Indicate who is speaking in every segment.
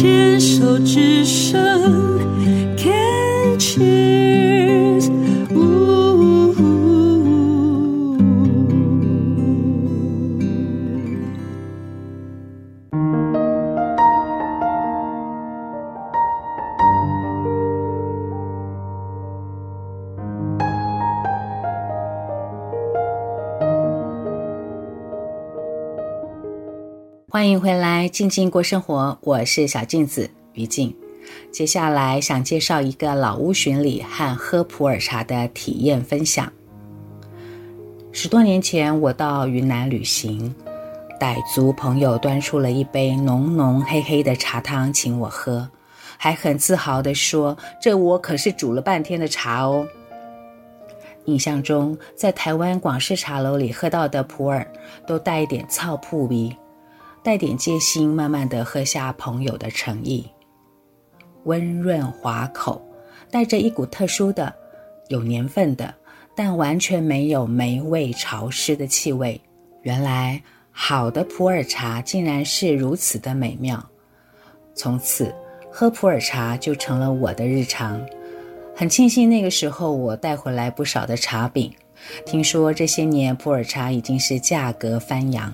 Speaker 1: 牽手，只剩感情。歡迎回來，靜靜過生活。我是小靜子於靜。接下來想介紹一個老屋巡禮和喝普洱茶的體驗分享。十多年前，我到雲南旅行，傣族朋友端出了一杯濃濃黑黑的茶湯，請我喝，還很自豪地說：“這我可是煮了半天的茶哦。”印象中，在台灣廣式茶樓裡喝到的普洱，都帶一點草鋪味。帶點戒心，慢慢地喝下朋友的誠意，溫潤滑口，帶着一股特殊的、有年份的，但完全沒有黴味、潮濕的氣味。原來好的普洱茶竟然是如此的美妙。從此，喝普洱茶就成了我的日常。很慶幸那個時候我帶回來不少的茶餅。聽說這些年普洱茶已經是價格翻揚。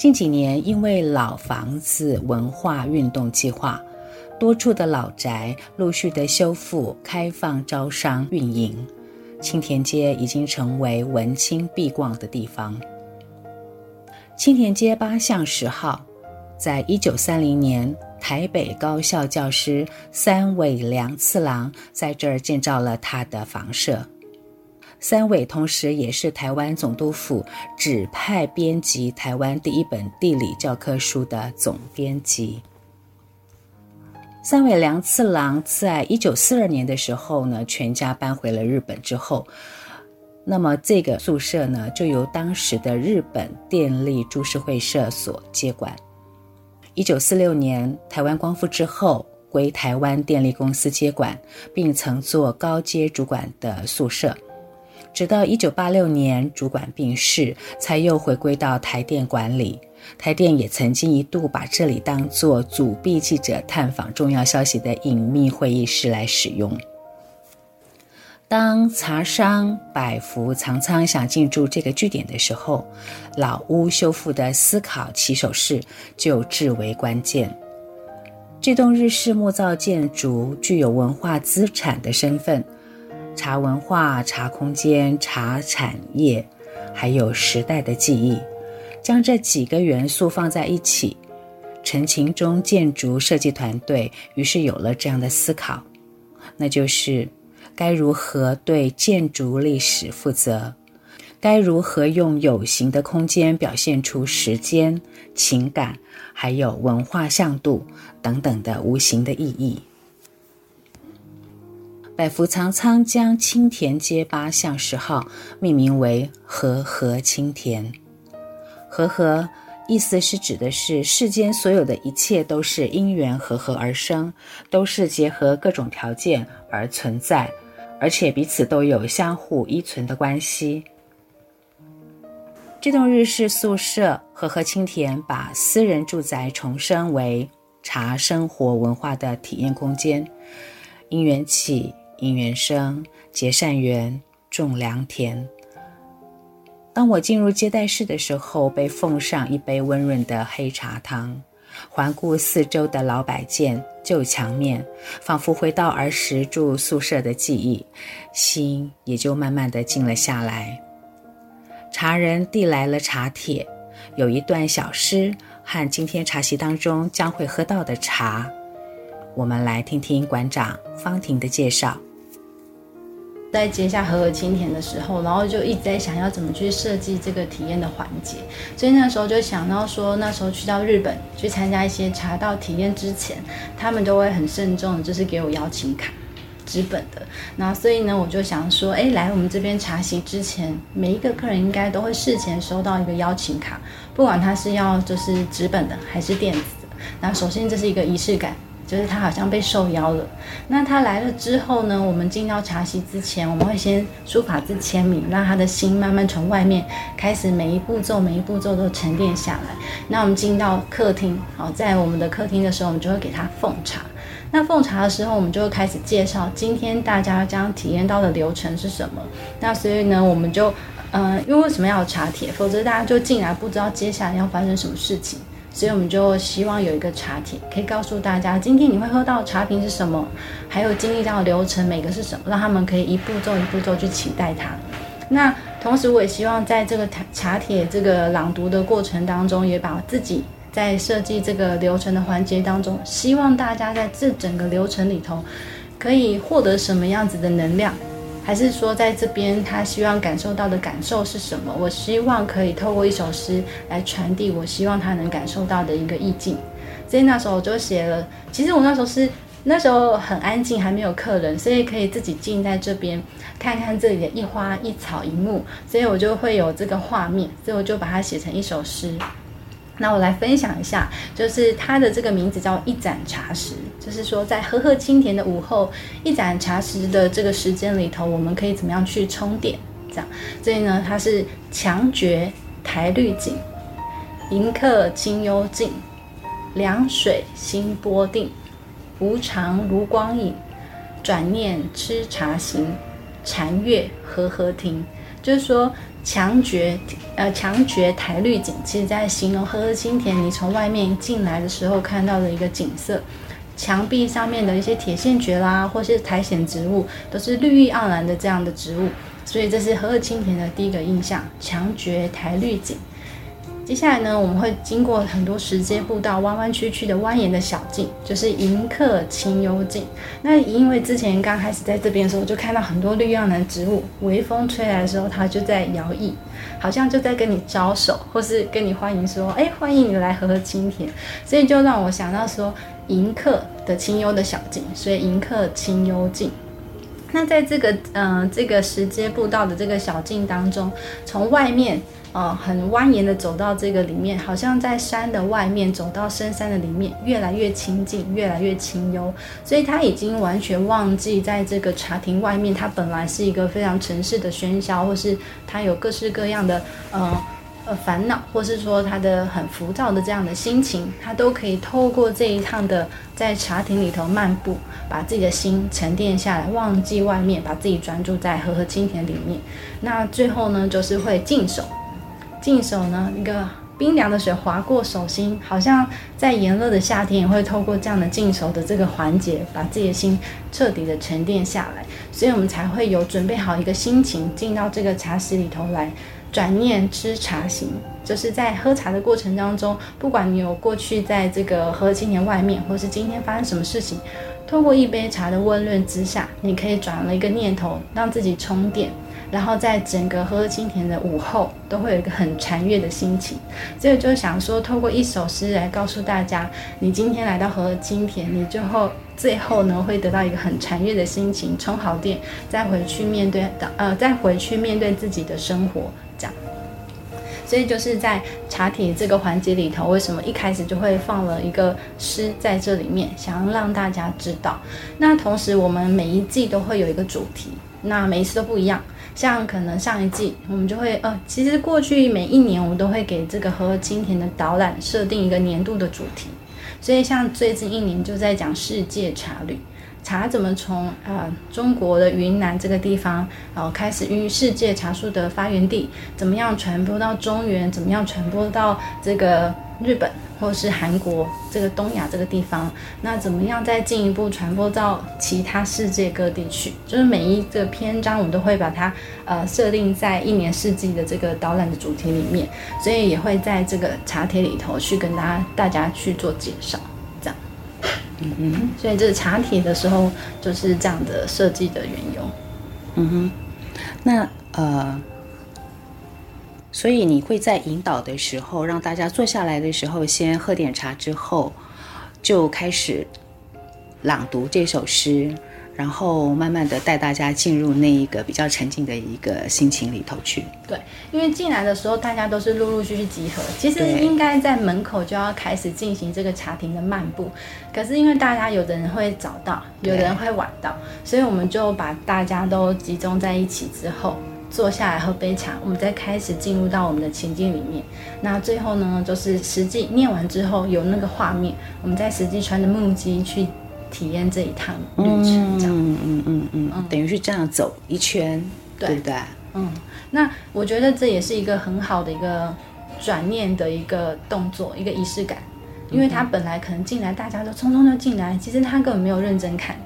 Speaker 1: 近幾年，因為老房子文化運動計劃，多處的老宅陸續的修復、開放招商運營，青田街已經成為文青必逛的地方。青田街八巷十號，在一九三零年，台北高校教師三尾良次郎在這兒建造了他的房舍。三尾同時也是台灣總督府指派編輯台灣第一本地理教科書的總編輯。三尾良次郎在一九四二年的時候呢，全家搬回了日本之後，那麼這個宿舍呢，就由當時的日本電力株式會社所接管。一九四六年台灣光復之後，歸台灣電力公司接管，並曾做高階主管的宿舍。直到一九八六年，主管病逝，才又回歸到台電管理。台電也曾經一度把這裡當作阻避記者探訪重要消息的隱秘會議室來使用。當茶商百福藏倉想進駐這個據點的時候，老屋修復的思考起手式就至為關鍵。這棟日式木造建築具有文化資產的身份。茶文化、茶空間、茶產業，還有時代的記憶，將這幾個元素放在一起，陳情中建築設計團隊於是有了這樣的思考：那就是，該如何對建築歷史負責？該如何用有形的空間表現出時間、情感，還有文化向度等等的無形的意義？百福藏倉將青田街八巷十號，命名為和合青田。和合意思是指的是世間所有的一切都是因緣和合而生，都是結合各種條件而存在，而且彼此都有相互依存的關係。這棟日式宿舍和合青田把私人住宅重生為茶生活文化的體驗空間，因緣起。因緣生，結善緣，種良田。當我進入接待室的時候，被奉上一杯溫潤的黑茶湯。環顧四周的老擺件、舊牆面，仿佛回到兒時住宿舍的記憶，心也就慢慢的靜了下來。茶人遞來了茶帖，有一段小詩和今天茶席當中將會喝到的茶。我們來聽聽館長芳庭的介紹。
Speaker 2: 在接下和合青田的時候，然後就一直在想要怎麼去設計這個體驗的環節，所以那時候就想到說，那時候去到日本去參加一些茶道體驗之前，他們都會很慎重，就是給我邀請卡，紙本的。那所以呢，我就想說，哎，來我們這邊茶席之前，每一個客人應該都會事前收到一個邀請卡，不管他是要就是紙本的還是電子的。那首先這是一個儀式感。就是他好像被受邀了。那他來了之後呢？我們進到茶席之前，我們會先書法字簽名，讓他的心慢慢從外面開始，每一步驟每一步驟都沉澱下來。那我們進到客廳，好，在我們的客廳的時候，我們就會給他奉茶。那奉茶的時候，我們就會開始介紹今天大家將體驗到的流程是什麼。那所以呢，我們就，嗯、呃，因為為什麼要有茶帖？否則大家就進來不知道接下來要發生什麼事情。所以我們就希望有一個茶帖，可以告訴大家今天你會喝到茶品是什麼，還有經歷到的流程每個是什麼，讓他們可以一步驟一步驟去期待它。那同時我也希望在這個茶茶帖這個朗讀的過程當中，也把自己在設計這個流程的環節當中，希望大家在這整個流程裡頭可以獲得什麼樣子的能量。還是說，在這邊他希望感受到的感受是什麼？我希望可以透過一首詩來傳遞，我希望他能感受到的一個意境。所以那時候我就寫了。其實我那時候是那時候很安靜，還沒有客人，所以可以自己靜在這邊，看看這裡的一花一草一木。所以我就會有這個畫面，所以我就把它寫成一首詩。那我來分享一下，就是它的這個名字叫《一盞茶時》。就是說，在和合青田的午後，一盞茶時的這個時間裡頭，我們可以怎麼樣去充電？這樣，所以呢，它是強絕台綠景，迎客清幽靜，涼水心波定，無常如光影，轉念吃茶行，禪月和合庭。就是說，強絕呃，強絕台綠景，其實在形容和合青田，你從外面進來的時候看到的一個景色。牆壁上面的一些鐵線蕨啦，或是苔蘚植物，都是綠意盎然的這樣的植物，所以這是和合青田的第一個印象：牆蕨苔綠景。接下來呢，我們會經過很多石階步道、彎彎曲曲的蜿蜒的小徑，就是迎客清幽徑。那因為之前剛開始在這邊的時候，我就看到很多綠油油的植物，微風吹來的時候，它就在搖曳，好像就在跟你招手，或是跟你歡迎說：“哎，歡迎你來和合青田”。所以就讓我想到說，迎客的清幽的小徑，所以迎客清幽徑。那在這個嗯、呃、這個石階步道的這個小徑當中，從外面。呃，很蜿蜒的走到這個裡面，好像在山的外面走到深山的裡面，越來越清靜，越來越清幽。所以他已經完全忘記，在這個茶亭外面，他本來是一個非常城市的喧囂，或是他有各式各樣的呃呃煩惱，或是說他的很浮躁的這樣的心情，他都可以透過這一趟的在茶亭裡頭漫步，把自己的心沉澱下來，忘記外面，把自己專注在和合青田裡面。那最後呢，就是會淨手。淨手呢，一個冰涼的水劃過手心，好像在炎熱的夏天，也會透過這樣的淨手的這個環節，把自己的心徹底的沉澱下來。所以，我們才會有準備好一個心情，進到這個茶室裡頭來，轉念吃茶行。就是在喝茶的過程當中，不管你有過去在這個和合青田外面，或是今天發生什麼事情，透過一杯茶的溫潤之下，你可以轉了一個念頭，讓自己充電。然後在整個和合青田的午後，都會有一個很禪悅的心情。所以就想說，透過一首詩來告訴大家，你今天來到和合青田，你最後最後呢會得到一個很禪悅的心情，充好電，再回去面對的呃，再回去面對自己的生活，這樣。所以就是在茶體這個環節裡頭，為什麼一開始就會放了一個詩在這裡面，想要讓大家知道。那同時，我們每一季都會有一個主題，那每一次都不一樣。像可能上一季我們就會呃，其實過去每一年我們都會給這個和合青田的導覽設定一個年度的主題，所以像最近一年就在講世界茶旅，茶怎麼從呃中國的雲南這個地方，然後、呃、開始於世界茶樹的發源地，怎麼樣傳播到中原，怎麼樣傳播到這個日本，或是韓國這個東亞這個地方，那怎麼樣再進一步傳播到其他世界各地去，就是每一個篇章，我們都會把它呃設定在一年四季的這個導覽的主題裡面，所以也會在這個茶帖裡頭去跟大家大家去做介紹，這樣。嗯嗯，所以這個茶帖的時候就是這樣的設計的緣由。嗯哼，
Speaker 1: 那呃。
Speaker 2: 所以你會在引導的時候，讓
Speaker 1: 大家坐下來的時候，先喝點茶，之後就開始朗讀這首詩，然後慢慢地帶大家進入那一個比較沉靜的一個心情裡頭去。
Speaker 2: 對，因為進來的時候大家都是陸陸續續集合，其實應該在門口就要開始進行這個茶庭的漫步，可是因為大家有的人會早到，有的人會晚到，所以我們就把大家都集中在一起之後。坐下來喝杯茶，我們再開始進入到我們的情境裡面。那最後呢，就是實際念完之後有那個畫面，我們再實際穿着木屐去體驗這一趟旅程，這樣，嗯嗯嗯
Speaker 1: 嗯，嗯，等於是這樣走
Speaker 2: 一圈，對，對不對？嗯，那我覺得這也是一個很好的一個轉念的一個動作，一個儀式感，因為他本來可能進來大家都匆匆就進來，其實他根本沒有認真看。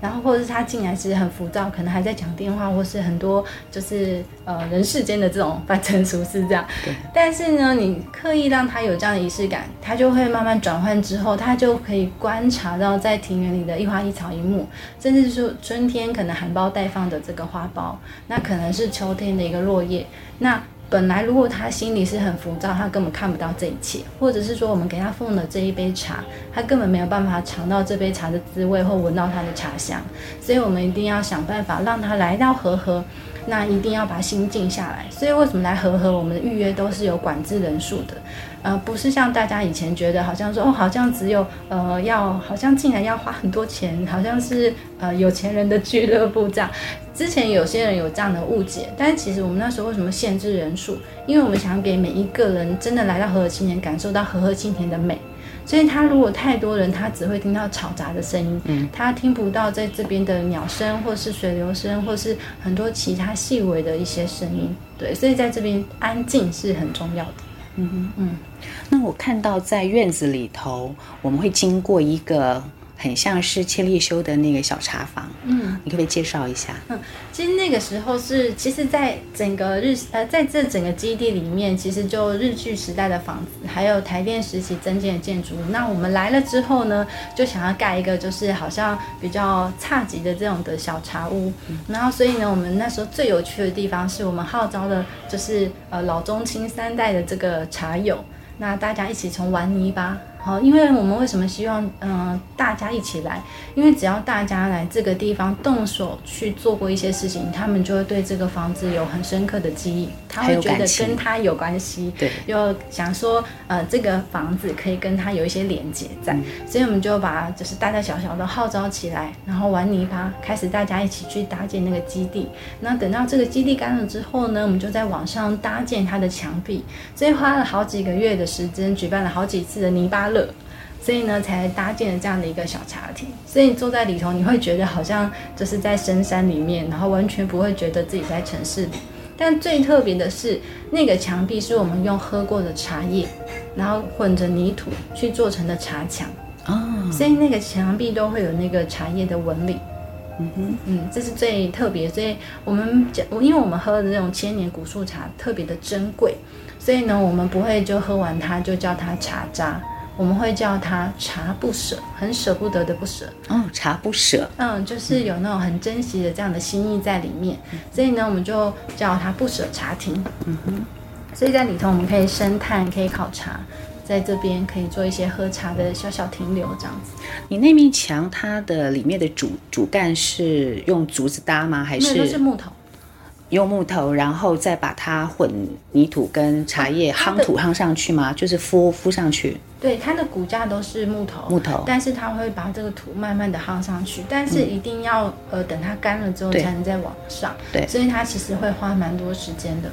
Speaker 2: 然後，或者是他進來是很浮躁，可能還在講電話，或是很多就是呃人世間的這種凡塵俗事這樣。對。但是呢，你刻意讓他有這樣的儀式感，他就會慢慢轉換之後，他就可以觀察到在庭園裡的一花一草一木，甚至說春天可能含苞待放的這個花苞，那可能是秋天的一個落葉，那。本來如果他心裡是很浮躁，他根本看不到這一切，或者是說我們給他奉了這一杯茶，他根本沒有辦法嚐到這杯茶的滋味或聞到它的茶香，所以我們一定要想辦法讓他來到和合，那一定要把心靜下來。所以為什麼來和合，我們的預約都是有管制人數的。呃，不是像大家以前覺得，好像說哦，好像只有呃，要好像進來要花很多錢，好像是呃有錢人的俱樂部這樣。之前有些人有這樣的誤解，但是其實我們那時候為什麼限制人數？因為我們想給每一個人真的來到和合青田，感受到和合青田的美。所以，他如果太多人，他只會聽到吵雜的聲音，他聽不到在這邊的鳥聲，或是水流聲，或是很多其他細微的一些聲音。對，所以在這邊安靜是很重要的。
Speaker 1: 嗯哼嗯，那我看到在院子裡頭，我們會經過一個，很像是千利休的那個小茶房，嗯，你可不可以介紹一下？嗯，
Speaker 2: 其實那個時候是，其實，在整個日呃，在這整個基地裡面，其實就日據時代的房子，還有台電時期增建的建築物。那我們來了之後呢，就想要蓋一個就是好像比較差級的這種的小茶屋、嗯。然後所以呢，我們那時候最有趣的地方是我們號召的就是呃老中青三代的這個茶友，那大家一起從玩泥巴。好，因為我們為什麼希望嗯、呃、大家一起來？因為只要大家來這個地方動手去做過一些事情，他們就會對這個房子有很深刻的記憶，他會覺得跟他有關係，對，又想說呃這個房子可以跟他有一些連接在，所以我們就把就是大大小小都號召起來，然後玩泥巴，開始大家一起去搭建那個基地。那等到這個基地乾了之後呢，我們就再往上搭建它的牆壁，所以花了好幾個月的時間，舉辦了好幾次的泥巴。所以呢，才搭建了這樣的一個小茶亭。所以你坐在裡頭，你會覺得好像就是在深山裡面，然後完全不會覺得自己在城市裡。但最特別的是，那個牆壁是我們用喝過的茶葉，然後混着泥土去做成的茶牆。哦、oh.，所以那個牆壁都會有那個茶葉的紋理。嗯哼，嗯，這是最特別。所以我們因為我們喝的那種千年古樹茶特別的珍貴，所以呢，我們不會就喝完它就叫它茶渣。我們會叫它茶不舍，很舍不得的不舍哦。
Speaker 1: 茶不舍，
Speaker 2: 嗯，就是有那種很珍惜的這樣的心意在裡面。嗯、所以呢，我們就叫它不舍茶亭。嗯哼，所以在裡頭我們可以生炭，可以烤茶，在這邊可以做一些喝茶的小小停留，這樣子。你那面牆，它
Speaker 1: 的裡面的主主幹是用竹子搭嗎？還是、那個、是木頭？用木頭，然後再把它混泥土跟茶葉、啊、夯土夯上去嗎？就是敷敷上去。
Speaker 2: 對，它的骨架都是木頭。木頭，但是它會把這個土慢慢的夯上去，但是一定要、嗯、呃等它乾了之後才能再往上。對，所以它其實會花蠻多時間的。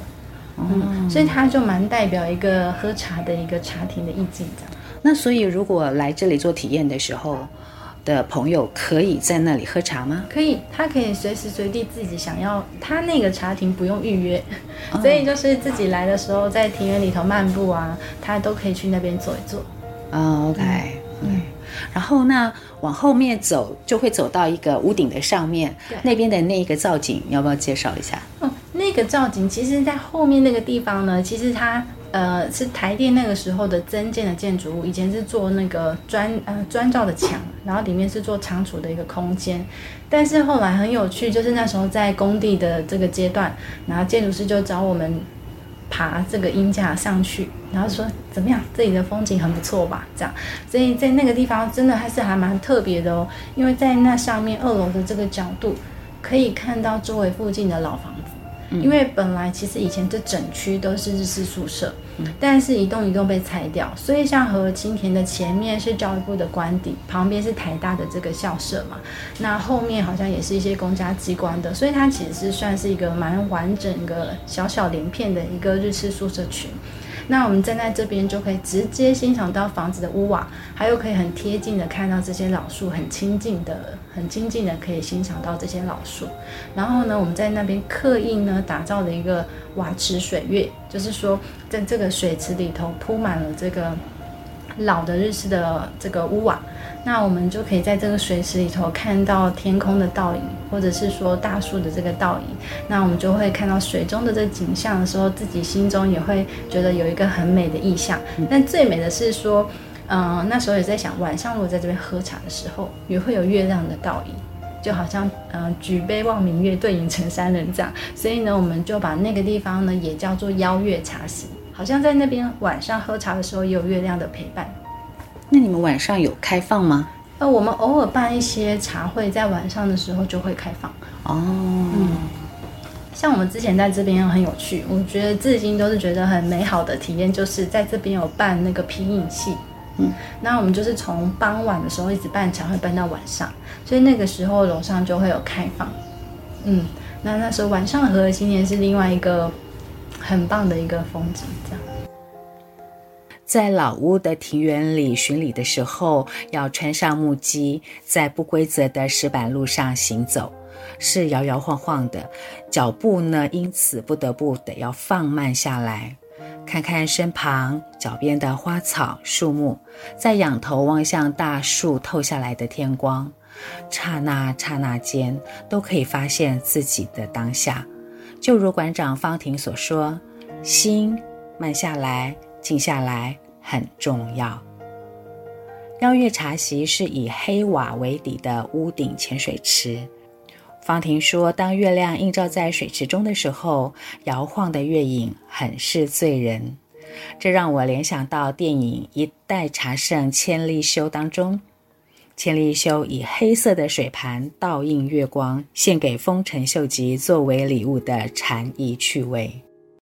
Speaker 2: 嗯，嗯，所以它就蠻代表一個喝茶的一個茶亭的意境這
Speaker 1: 樣，那所以如果來這裡做體驗的時候。的朋友可以在那裡喝茶嗎？
Speaker 2: 可以，他可以隨時隨地自己想要。他那個茶亭不用預約，哦、 所以就是自己來的時候，在庭院裡頭漫步啊，他都可以去那邊坐一坐。
Speaker 1: 啊、哦、OK，嗯，嗯。然後那往後面走，就會走到一個屋頂的上面。對。那邊的那一個造景，你要不要介紹一下？哦，
Speaker 2: 那個造景，其實在後面那個地方呢，其實它呃是台電那個時候的增建的建築物，以前是做那個磚呃磚造的牆。然後裡面是做倉儲的一個空間，但是後來很有趣，就是那時候在工地的這個階段，然後建築師就找我們爬這個鷹架上去，然後說，怎麼樣，這裡的風景很不錯吧？這樣，所以在那個地方真的還是還蠻特別的哦，因為在那上面二樓的這個角度，可以看到周圍附近的老房子。因為本來其實以前這整區都是日式宿舍、嗯，但是一棟一棟被拆掉，所以像和青田的前面是教育部的官邸，旁邊是台大的這個校舍嘛，那後面好像也是一些公家機關的，所以它其實是算是一個蠻完整、的個小小連片的一個日式宿舍群。那我們站在這邊就可以直接欣賞到房子的屋瓦，還有可以很貼近的看到這些老樹，很親近的、很親近的可以欣賞到這些老樹。然後呢，我們在那邊刻意呢打造了一個瓦池水月，就是說在這個水池裡頭鋪滿了這個老的日式的這個屋瓦。那我們就可以在這個水池裡頭看到天空的倒影，或者是說大樹的這個倒影。那我們就會看到水中的這景象的時候，自己心中也會覺得有一個很美的意象。那、嗯、最美的是說，嗯、呃，那時候也在想，晚上我在這邊喝茶的時候，也會有月亮的倒影，就好像嗯、呃、舉杯望明月，對影成三人這樣。所以呢，我們就把那個地方呢也叫做邀月茶室，好像在那邊晚上喝茶的時候也有月亮的陪伴。
Speaker 1: 那你們晚上有開放嗎？
Speaker 2: 呃，我們偶爾辦一些茶會，在晚上的時候就會開放。哦、
Speaker 1: oh.，
Speaker 2: 嗯，像我們之前在這邊很有趣，我覺得至今都是覺得很美好的體驗，就是在這邊有辦那個皮影戲。嗯，那我們就是從傍晚的時候一直辦茶會辦到晚上，所以那個時候樓上就會有開放。嗯，那那時候晚上的和合青田是另外一個很棒的一個風景，這樣。在
Speaker 1: 老屋的庭園裡巡禮的時候，要穿上木屐，在不規則的石板路上行走，是搖搖晃晃的，腳步呢，因此不得不得要放慢下來，看看身旁、腳邊的花草樹木，再仰頭望向大樹透下來的天光，剎那剎那間，都可以發現自己的當下。就如館長芳庭所說，心慢下來。靜下來很重要。邀月茶席，是以黑瓦為底的屋頂淺水池。芳庭說，當月亮映照在水池中的時候，搖晃的月影很是醉人。這讓我聯想到電影《一代茶聖千利休》當中，千利休以黑色的水盤倒映月光，獻給豐臣秀吉作為禮物的禪意趣味。